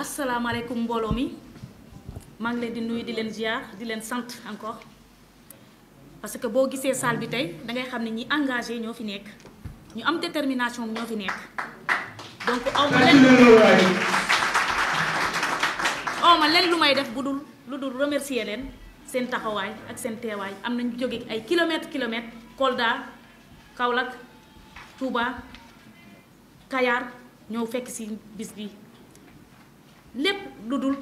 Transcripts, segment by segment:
asalaamaaleykum mbooloo mi maa ngi leen di nuyu di leen ziar di leen sant encore parce que boo gisee salle bi tey da ngay xam ne ñi engagé ñoo fi nekk ñu am détermination ñoo fi nekk donc aw ma leen lu may def bu dul lu dul remercier leen seen taxawaay ak seen teewaay am nañu jóge ay kilomètres kilomètres Kolda kawlak Touba Kayar ñëw fekk si bis bi. lu dul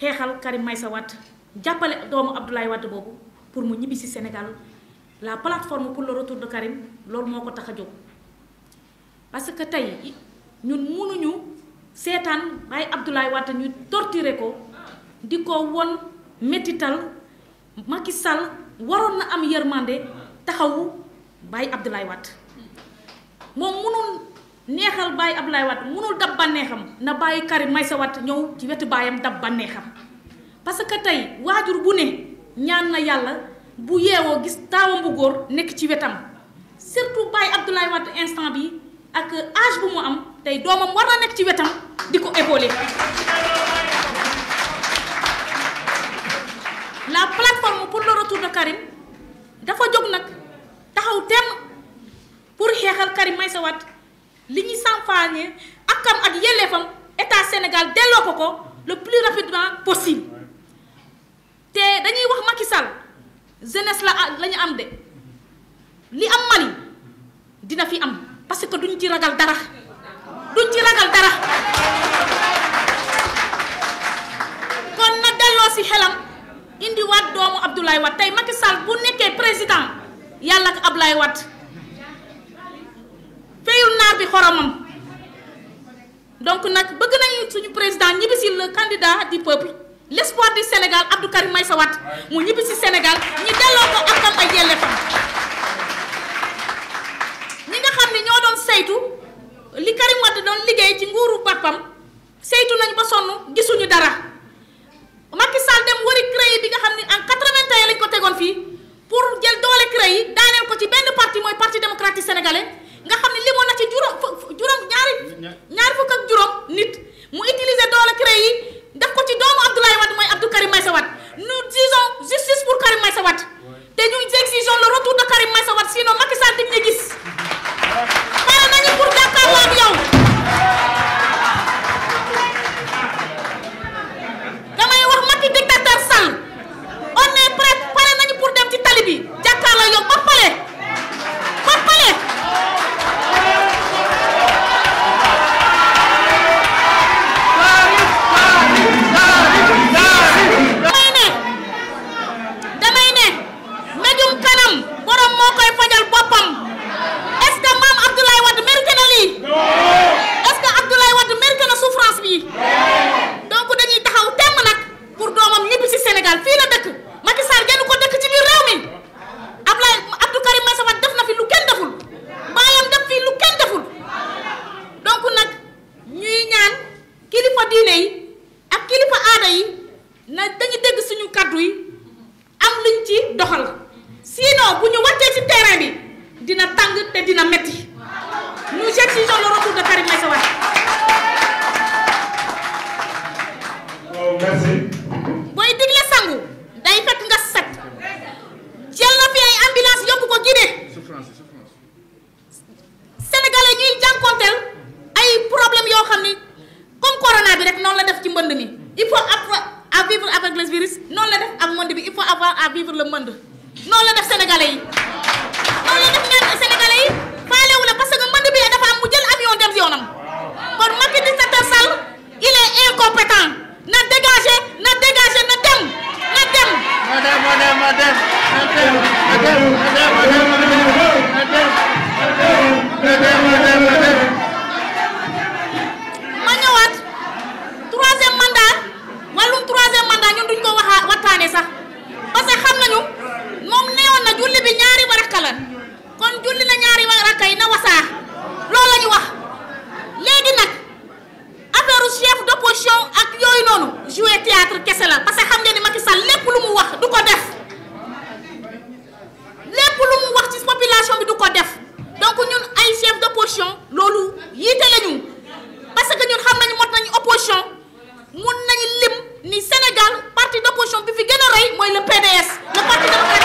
xeexal Karim sa Wade jàppale doomu Abdoulaye Wade boobu pour mu ñibbi si Sénégal la plateforme pour le retour de Karim loolu moo ko tax a jóg parce que tey ñun mënuñu seetaan bàyyi Abdoulaye Wade ñu torturer ko di ko won métital Macky Sall waroon na am yërmande taxawu bàyyi Abdoulaye Wade moom mënul neexal bàyyi Abdoulaye Wade munul dab bànneexam na bàyyi Karim Meïssa Wade ñëw ci wetu baayam dab bànneexam parce que tey waajur bu ne ñaan na yàlla bu yeewoo gis taawam bu góor nekk ci wetam surtout bàyyi Abdoulaye Wade instant bi ak âge bu mu am tey doomam war na nekk ci wetam di ko épaulé la plateforme pour le retour de Karim dafa jóg nag taxaw temm pour xeexal Karim Meïssa Wade salfaañee akam ak yelleefam état Sénégal delloo ko ko le plus rapidement possible te dañuy wax Macky jeunesse la la am de li am Mali dina fi am parce que duñ ci ragal dara duñ ci ragal dara kon na delloo si xelam indi doomu Abdoulaye Wade tey Macky bu nekkee président yàlla ak Abdoulaye Wade feyul naar bi xoromam donc nag bëgg nañu suñu président ñibbisi le candidat du peuple l' espoir du Sénégal Abdou Karim Meïssa Wade mu ñibbisi Sénégal ñu delloo ko akam ay yelleefam ñi nga xam ne ñoo doon saytu li Karim Wade doon liggéey ci nguuru boppam saytu nañu ba sonn gisuñu dara. économie il faut apprendre à vivre avec le virus noonu la def ak monde bi il faut avoir à vivre le monde noonu la def sénégalais yi mooy le PDS le parti démocratique